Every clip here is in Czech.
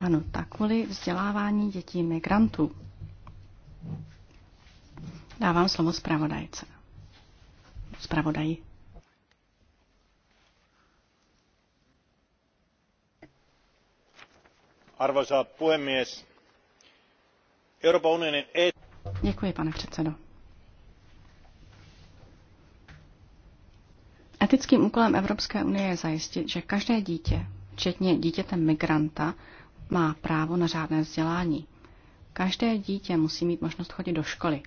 Ano, tak kvůli vzdělávání dětí migrantů. Dávám slovo zpravodajce. Zpravodají. Arvoisa puhemies, Euroopan unionin... E- Děkuji, pane předsedo. Etickým úkolem Evropské unie je zajistit, že každé dítě, včetně dítěte migranta, má právo na řádné vzdělání. Každé dítě musí mít možnost chodit do školy.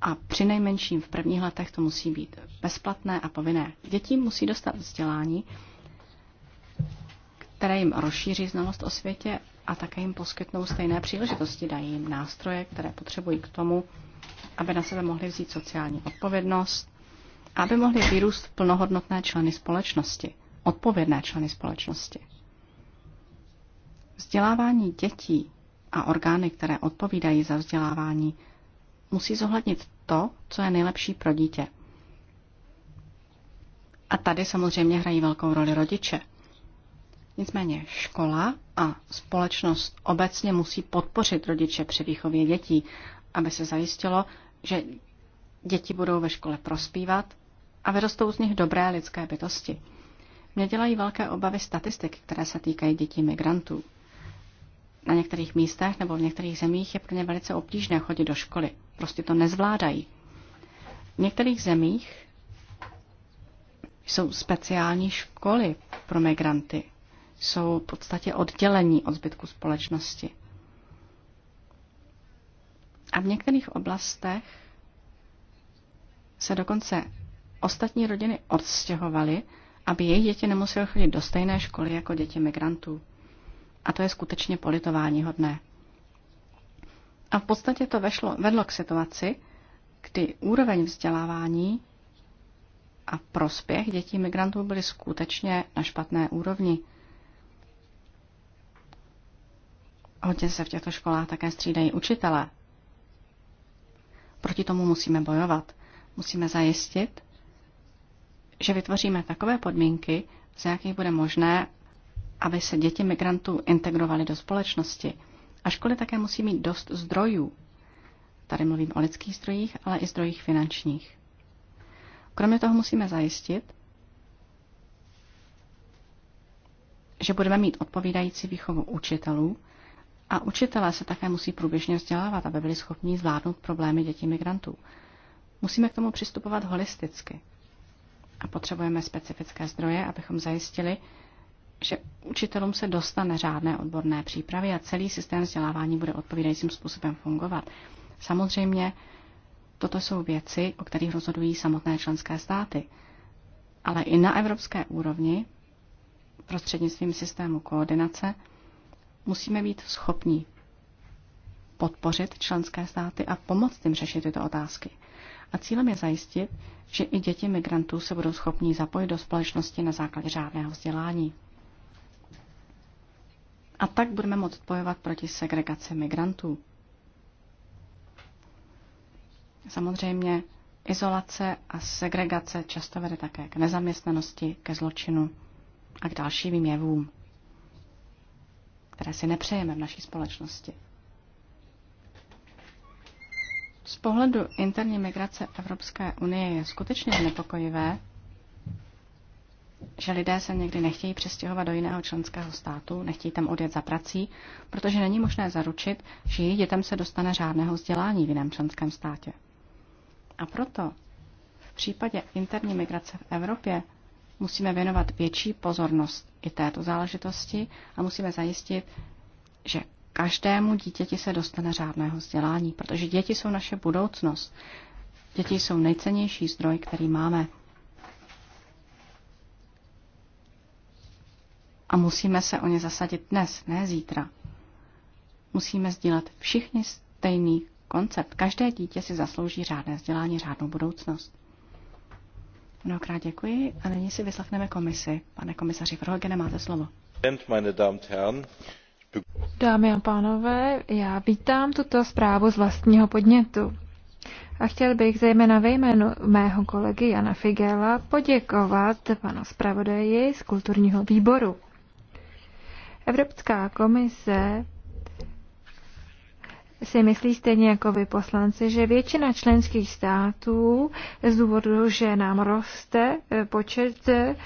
A při nejmenším v prvních letech to musí být bezplatné a povinné. Děti musí dostat vzdělání, které jim rozšíří znalost o světě a také jim poskytnou stejné příležitosti, dají jim nástroje, které potřebují k tomu, aby na sebe mohli vzít sociální odpovědnost, aby mohli vyrůst plnohodnotné členy společnosti odpovědné členy společnosti. Vzdělávání dětí a orgány, které odpovídají za vzdělávání, musí zohlednit to, co je nejlepší pro dítě. A tady samozřejmě hrají velkou roli rodiče. Nicméně škola a společnost obecně musí podpořit rodiče při výchově dětí, aby se zajistilo, že děti budou ve škole prospívat a vyrostou z nich dobré lidské bytosti. Mě dělají velké obavy statistiky, které se týkají dětí migrantů. Na některých místech nebo v některých zemích je pro ně velice obtížné chodit do školy. Prostě to nezvládají. V některých zemích jsou speciální školy pro migranty. Jsou v podstatě oddělení od zbytku společnosti. A v některých oblastech se dokonce ostatní rodiny odstěhovaly aby jejich děti nemuseli chodit do stejné školy jako děti migrantů. A to je skutečně politování hodné. A v podstatě to vešlo, vedlo k situaci, kdy úroveň vzdělávání a prospěch dětí migrantů byly skutečně na špatné úrovni. Hodně se v těchto školách také střídají učitelé. Proti tomu musíme bojovat. Musíme zajistit, že vytvoříme takové podmínky, za jakých bude možné, aby se děti migrantů integrovaly do společnosti. A školy také musí mít dost zdrojů. Tady mluvím o lidských zdrojích, ale i zdrojích finančních. Kromě toho musíme zajistit, že budeme mít odpovídající výchovu učitelů a učitelé se také musí průběžně vzdělávat, aby byli schopni zvládnout problémy dětí migrantů. Musíme k tomu přistupovat holisticky a potřebujeme specifické zdroje, abychom zajistili, že učitelům se dostane řádné odborné přípravy a celý systém vzdělávání bude odpovídajícím způsobem fungovat. Samozřejmě toto jsou věci, o kterých rozhodují samotné členské státy, ale i na evropské úrovni prostřednictvím systému koordinace musíme být schopni podpořit členské státy a pomoct jim řešit tyto otázky. A cílem je zajistit, že i děti migrantů se budou schopní zapojit do společnosti na základě řádného vzdělání. A tak budeme moct bojovat proti segregaci migrantů. Samozřejmě izolace a segregace často vede také k nezaměstnanosti, ke zločinu a k dalším jevům, které si nepřejeme v naší společnosti. Z pohledu interní migrace Evropské unie je skutečně znepokojivé, že lidé se někdy nechtějí přestěhovat do jiného členského státu, nechtějí tam odjet za prací, protože není možné zaručit, že jejich dětem se dostane žádného vzdělání v jiném členském státě. A proto v případě interní migrace v Evropě musíme věnovat větší pozornost i této záležitosti a musíme zajistit, že každému dítěti se dostane řádného vzdělání, protože děti jsou naše budoucnost. Děti jsou nejcennější zdroj, který máme. A musíme se o ně zasadit dnes, ne zítra. Musíme sdílet všichni stejný koncept. Každé dítě si zaslouží řádné vzdělání, řádnou budoucnost. Mnohokrát děkuji a nyní si vyslechneme komisi. Pane komisaři Verhogene, máte slovo. Dámy a pánové, já vítám tuto zprávu z vlastního podnětu. A chtěl bych zejména ve jménu mého kolegy Jana Figela poděkovat panu zpravodaji z kulturního výboru. Evropská komise si myslí stejně jako vy poslanci, že většina členských států z důvodu, že nám roste eh, počet eh,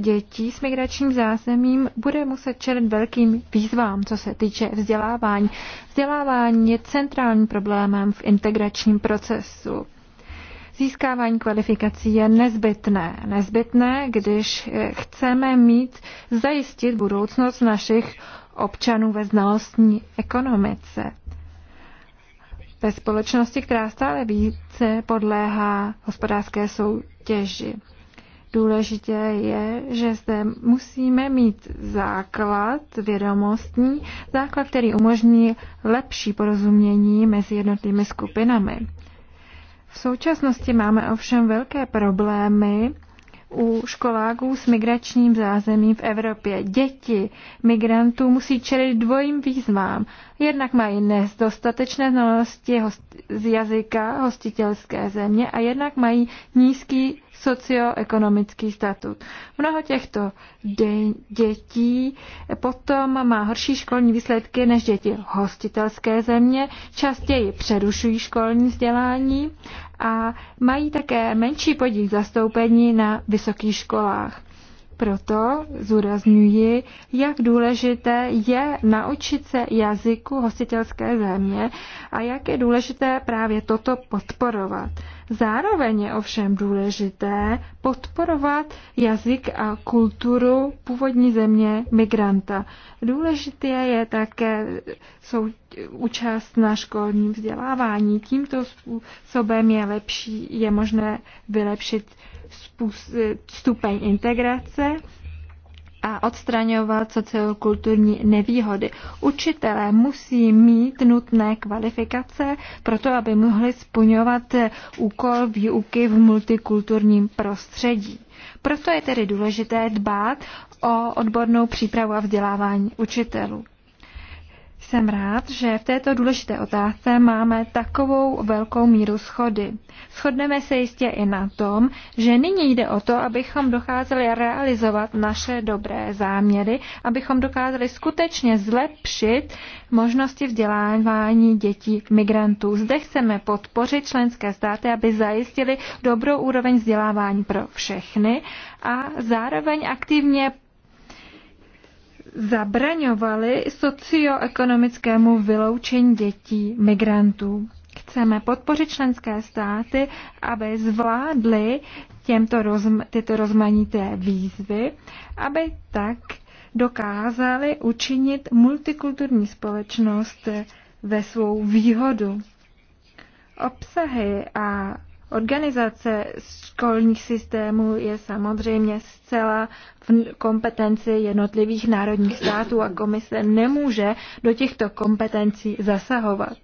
dětí s migračním zázemím, bude muset čelit velkým výzvám, co se týče vzdělávání. Vzdělávání je centrálním problémem v integračním procesu. Získávání kvalifikací je nezbytné. Nezbytné, když eh, chceme mít zajistit budoucnost našich občanů ve znalostní ekonomice ve společnosti, která stále více podléhá hospodářské soutěži. Důležité je, že zde musíme mít základ vědomostní, základ, který umožní lepší porozumění mezi jednotlivými skupinami. V současnosti máme ovšem velké problémy u školáků s migračním zázemím v Evropě. Děti migrantů musí čelit dvojím výzvám. Jednak mají dostatečné znalosti z jazyka hostitelské země a jednak mají nízký socioekonomický statut. Mnoho těchto de- dětí potom má horší školní výsledky než děti hostitelské země, častěji přerušují školní vzdělání a mají také menší podíl zastoupení na vysokých školách. Proto zúraznuji, jak důležité je naučit se jazyku hostitelské země a jak je důležité právě toto podporovat. Zároveň je ovšem důležité podporovat jazyk a kulturu původní země migranta. Důležité je také sou, účast na školním vzdělávání. Tímto způsobem je, lepší, je možné vylepšit stupeň integrace a odstraňovat sociokulturní nevýhody. Učitelé musí mít nutné kvalifikace pro to, aby mohli splňovat úkol výuky v multikulturním prostředí. Proto je tedy důležité dbát o odbornou přípravu a vzdělávání učitelů. Jsem rád, že v této důležité otázce máme takovou velkou míru schody. Shodneme se jistě i na tom, že nyní jde o to, abychom dokázali realizovat naše dobré záměry, abychom dokázali skutečně zlepšit možnosti vzdělávání dětí migrantů. Zde chceme podpořit členské státy, aby zajistili dobrou úroveň vzdělávání pro všechny a zároveň aktivně zabraňovali socioekonomickému vyloučení dětí migrantů. Chceme podpořit členské státy, aby zvládly těmto rozm- tyto rozmanité výzvy, aby tak dokázali učinit multikulturní společnost ve svou výhodu. Obsahy a Organizace školních systémů je samozřejmě zcela v kompetenci jednotlivých národních států a komise nemůže do těchto kompetencí zasahovat.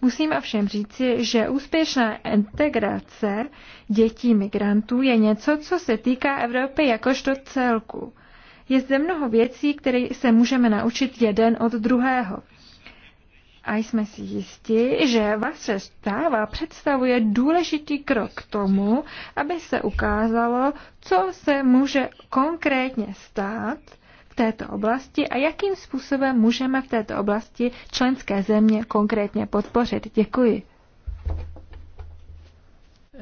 Musím ovšem říci, že úspěšná integrace dětí migrantů je něco, co se týká Evropy jakožto celku. Je zde mnoho věcí, které se můžeme naučit jeden od druhého a jsme si jistí, že vaše stáva představuje důležitý krok k tomu, aby se ukázalo, co se může konkrétně stát v této oblasti a jakým způsobem můžeme v této oblasti členské země konkrétně podpořit. Děkuji.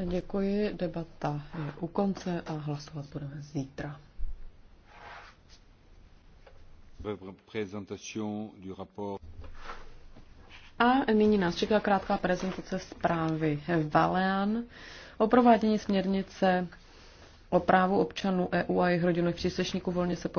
Děkuji, debata je u konce a hlasovat budeme zítra. Prezentaci rapport a nyní nás čeká krátká prezentace zprávy Valean o provádění směrnice o právu občanů EU a jejich rodinných příslušníků volně se